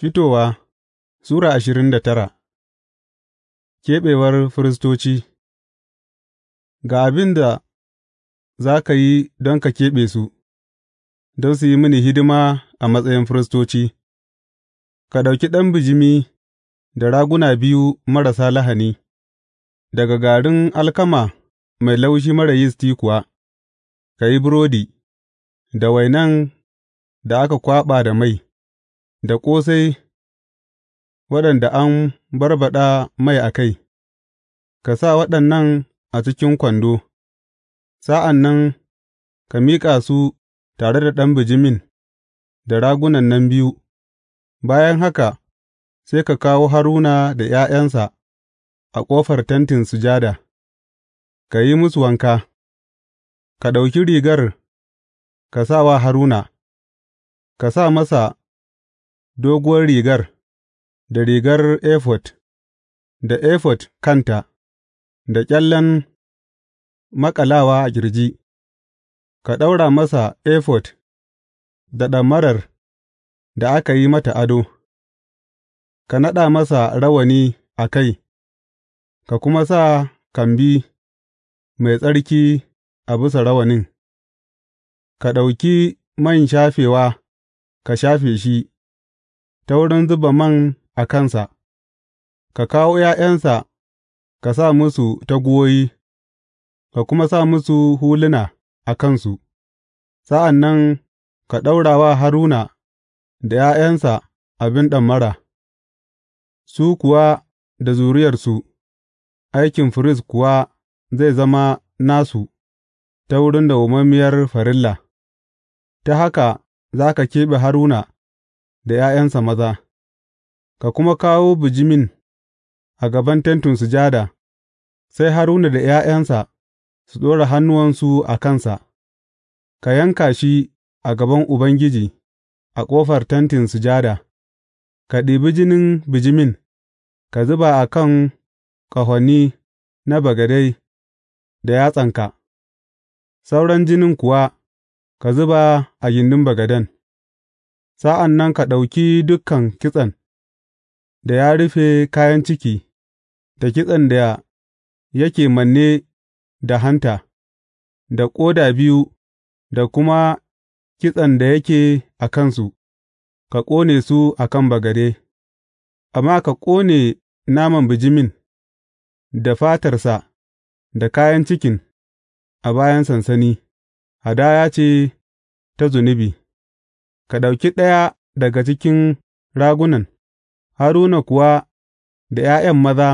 Fitowa Sura ashirin da tara Keɓewar firistoci Ga abin da za ka yi don ka keɓe su, don su yi mini hidima a matsayin firistoci, ka ɗauki ɗan bijimi da raguna biyu marasa lahani, daga garin alkama mai laushi mara yisti kuwa, ka yi burodi, da wainan da aka kwaɓa da mai. da ƙosai waɗanda an barbaɗa mai a kai, ka sa waɗannan a cikin kwando, sa'an nan ka miƙa su tare da ɗan bijimin da ragunan nan biyu, bayan haka sai ka kawo Haruna da ’ya'yansa a ƙofar Tentin Sujada, ka yi musu wanka, ka ɗauki rigar ka sa wa Haruna, ka sa masa doguwar rigar, da rigar efod, da efod kanta, da ƙyallen maƙalawa a ƙirji, ka ɗaura masa efod da ɗamarar da aka yi mata ado, ka naɗa masa rawani a kai, ka kuma sa kambi mai tsarki a bisa rawanin, ka ɗauki man shafewa ka shafe shi ta wurin zuba man a kansa, ka kawo ’ya'yansa ka sa musu taguwoyi, ka kuma sa musu huluna a kansu, sa'an nan ka ɗaura wa Haruna da ’ya'yansa abin ɗamara, su kuwa da zuriyarsu, aikin firist kuwa zai zama nasu ta wurin umarmiyar farilla, ta haka za ka keɓe Haruna. da ’ya'yansa maza, ka kuma kawo bijimin a gaban Tentin Sujada, sai Haruna da ’ya'yansa su ɗora hannuwansu a kansa, ka yanka shi a gaban Ubangiji a ƙofar Tentin Sujada, ka ɗibi jinin bijimin, ka zuba a kan ƙahoni na bagade da yatsanka, sauran jinin kuwa ka zuba a gindin bagaden. Sa'an nan ka ɗauki dukan kitsen da ya rufe kayan ciki, da kitsen da yake manne da hanta, da ƙoda biyu da kuma kitsen da yake a kansu, ka ƙone su a kan bagade, amma ka ƙone naman bijimin, da fatarsa, da kayan cikin, a bayan sansani, hadaya ce ta zunubi. ka ɗauki ɗaya daga cikin ragunan, Haruna kuwa da ’ya'yan maza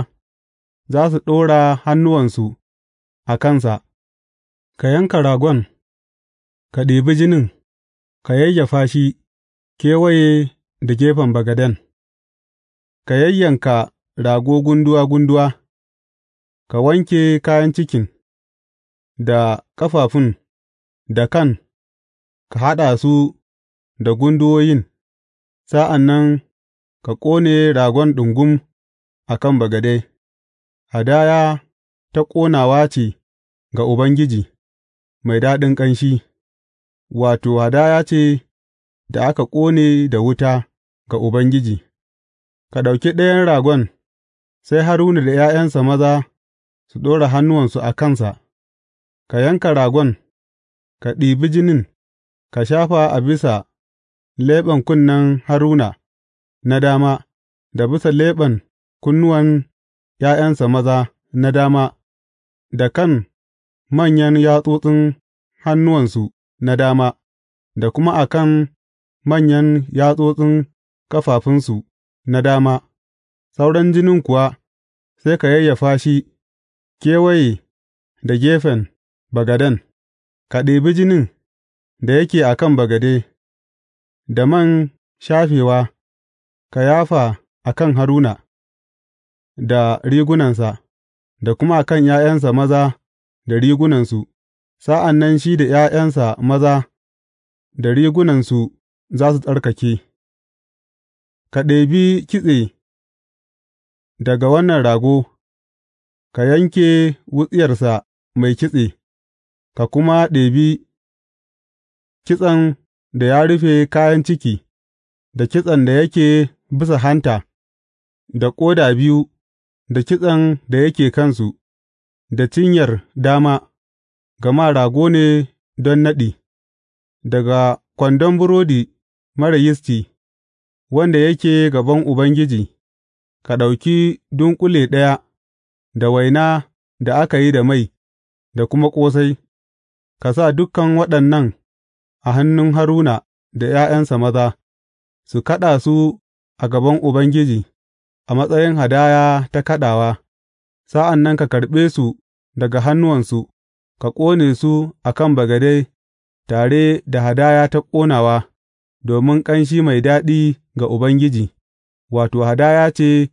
za su ɗora hannuwansu a kansa, ka yanka ragon, ka ɗibi jinin, ka yayyafa shi kewaye da gefen bagaden, ka yayyanka rago gunduwa gunduwa, ka wanke kayan cikin, da ƙafafun, da kan, ka haɗa su da gunduwoyin, sa'an nan ka ƙone ragon ɗungum a kan bagade, hadaya ta ƙonawa ce ga Ubangiji, mai daɗin ƙanshi, wato, hadaya ce da aka ƙone da wuta ga Ubangiji, ka ɗauki ɗayan ragon, sai Haruna da ’ya'yansa maza su ɗora hannuwansu a kansa, ka yanka ragon, ka ɗibi jinin, ka shafa a bisa leɓen kunnen Haruna na dama, da bisa leɓen kunnuwan ’ya'yansa maza na dama, da kan manyan yatsotsin hannuwansu na dama, da kuma a kan manyan yatsotsin ƙafafunsu na dama, sauran jinin kuwa sai ka yayyafa shi kewaye da gefen bagaden, ka ɗibi jinin da yake a kan bagade. da man shafewa ka yafa a kan Haruna, da rigunansa, da kuma a kan ’ya'yansa maza da rigunansu, sa'an nan shi da ’ya'yansa maza da rigunansu za su tsarkake, ka ɗebi kitse daga wannan rago, ka yanke wutsiyarsa mai kitse, ka kuma ɗebi kitsen da ya rufe kayan ciki, da kitsen da yake bisa hanta, da ƙoda biyu, da kitsen da yake kansu, da cinyar dama, gama rago ne don naɗi, daga kwandon burodi mara yisti, wanda yake gaban Ubangiji, ka ɗauki dunƙule ɗaya da waina da aka yi da mai, da kuma ƙosai, ka sa dukan waɗannan a hannun Haruna da ’ya'yansa maza, su kaɗa su a gaban Ubangiji a matsayin hadaya ta kaɗawa, sa'an nan ka karɓe su daga hannuwansu, ka ƙone su a kan bagade tare da hadaya ta ƙonawa domin ƙanshi mai daɗi ga Ubangiji, wato, hadaya ce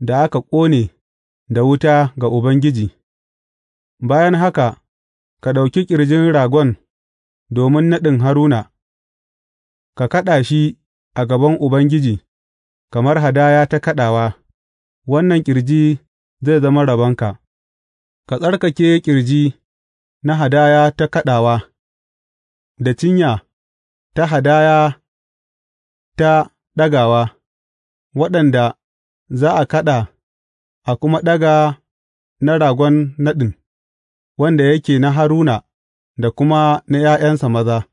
da aka ƙone da wuta ga Ubangiji. Bayan haka, ka ɗauki ƙirjin ragon. domin naɗin Haruna, ka kaɗa shi a gaban Ubangiji kamar hadaya ta kaɗawa, wannan ƙirji zai zama rabonka, ka tsarkake ƙirji na hadaya ta kaɗawa, da cinya ta hadaya ta ɗagawa, waɗanda za a kaɗa a kuma ɗaga na ragon naɗin, wanda yake na Haruna. da kuma na ’ya'yansa maza,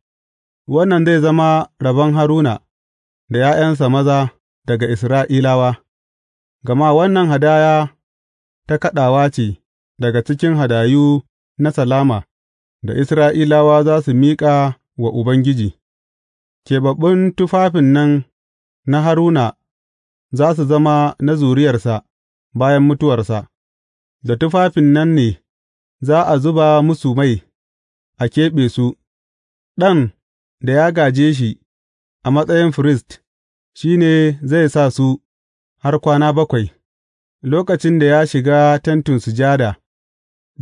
wannan zai zama rabon Haruna da ’ya'yansa maza daga Isra'ilawa, gama wannan hadaya ta kaɗawa ce daga cikin hadayu na salama da Isra'ilawa za su miƙa wa Ubangiji, keɓaɓɓun tufafin nan na Haruna za su zama na zuriyarsa bayan mutuwarsa, da tufafin nan ne za a zuba musu mai. a keɓe su, ɗan da ya gaje shi a matsayin firist shi ne zai sa su har kwana bakwai, lokacin da ya shiga Tentin Sujada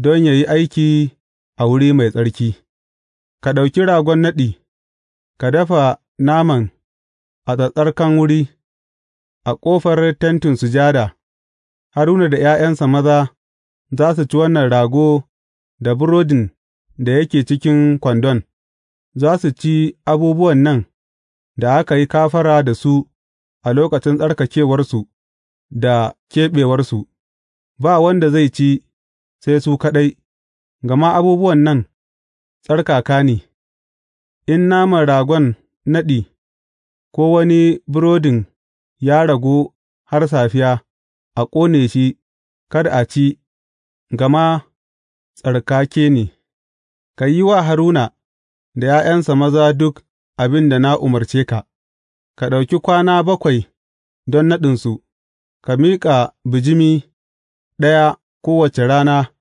don yă yi aiki a wuri mai tsarki. Ka ɗauki ragon naɗi, ka dafa naman a tsattsarkan wuri, a ƙofar Tentin Sujada, Haruna da ’ya'yansa maza za su ci wannan rago da burodin da yake cikin kwandon, za su ci abubuwan nan da aka yi kafara da su a lokacin tsarkakewarsu da keɓewarsu, ba wanda zai ci sai su kaɗai, gama abubuwan nan tsarkaka ne, in naman ragon naɗi ko wani burodin ya ragu har safiya, a ƙone shi, kada a ci, gama tsarkake ne. Ka yi wa Haruna da ’ya'yansa maza duk abin da na umarce ka, ka ɗauki kwana bakwai don naɗinsu, ka miƙa bijimi ɗaya kowace rana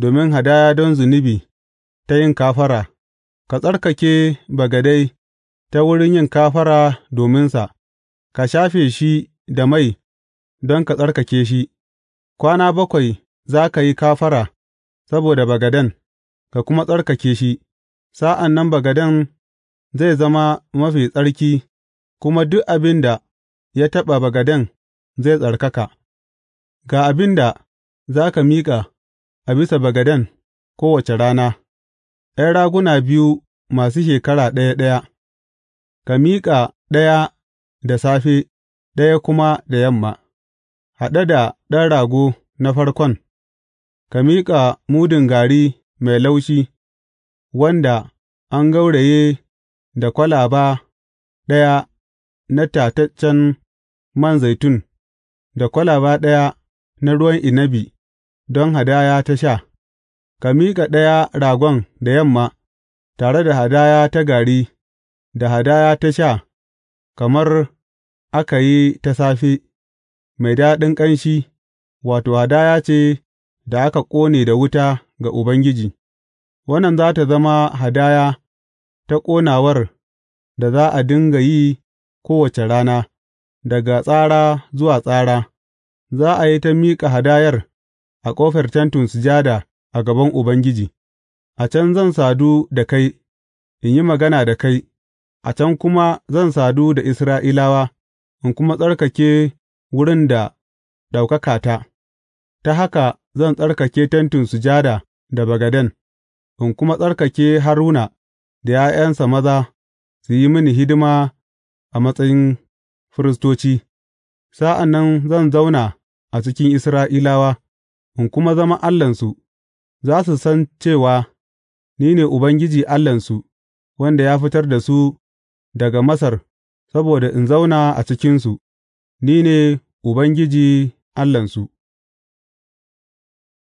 domin hadaya don zunubi ta yin kafara, ka tsarkake bagadai ta wurin yin kafara dominsa, ka shafe shi da mai don ka tsarkake shi, kwana bakwai za ka yi kafara saboda bagaden. ka kuma tsarkake shi, sa'an nan bagaden zai zama mafi tsarki kuma duk abin da ya taɓa bagaden zai tsarkaka, ga abin da za ka miƙa a bisa bagaden kowace rana, ’yan raguna biyu masu shekara ɗaya ɗaya, ka miƙa ɗaya da safe ɗaya kuma da yamma, haɗe da ɗan rago na farkon, ka miƙa mudun gari mai laushi, wanda an gauraye da kwalaba ɗaya na tataccen man zaitun da kwalaba ɗaya na ruwan inabi don hadaya ta sha, ka miƙa ɗaya ragon da yamma tare da hadaya ta gari da hadaya ta sha kamar aka yi ta safe, mai daɗin ƙanshi, wato, hadaya ce da aka ƙone da wuta ga Ubangiji, wannan za tă zama hadaya ta ƙonawar da za a dinga yi kowace rana, daga tsara zuwa tsara, za a yi ta miƙa hadayar a ƙofar Tentin Sujada a gaban Ubangiji, a can zan sadu da kai, in yi magana da kai, a can kuma zan sadu da Isra'ilawa, in kuma tsarkake wurin da ɗaukakata, ta haka zan tsarkake Tentin Sujada da bagaden, in kuma tsarkake Haruna da ’ya'yansa maza su yi mini hidima a matsayin firistoci, sa'an nan zan zauna a cikin Isra'ilawa, in kuma zama Allahnsu, za su san cewa ni ne Ubangiji Allahnsu, wanda ya fitar da su daga Masar saboda in zauna a cikinsu, ni ne Ubangiji Allahnsu.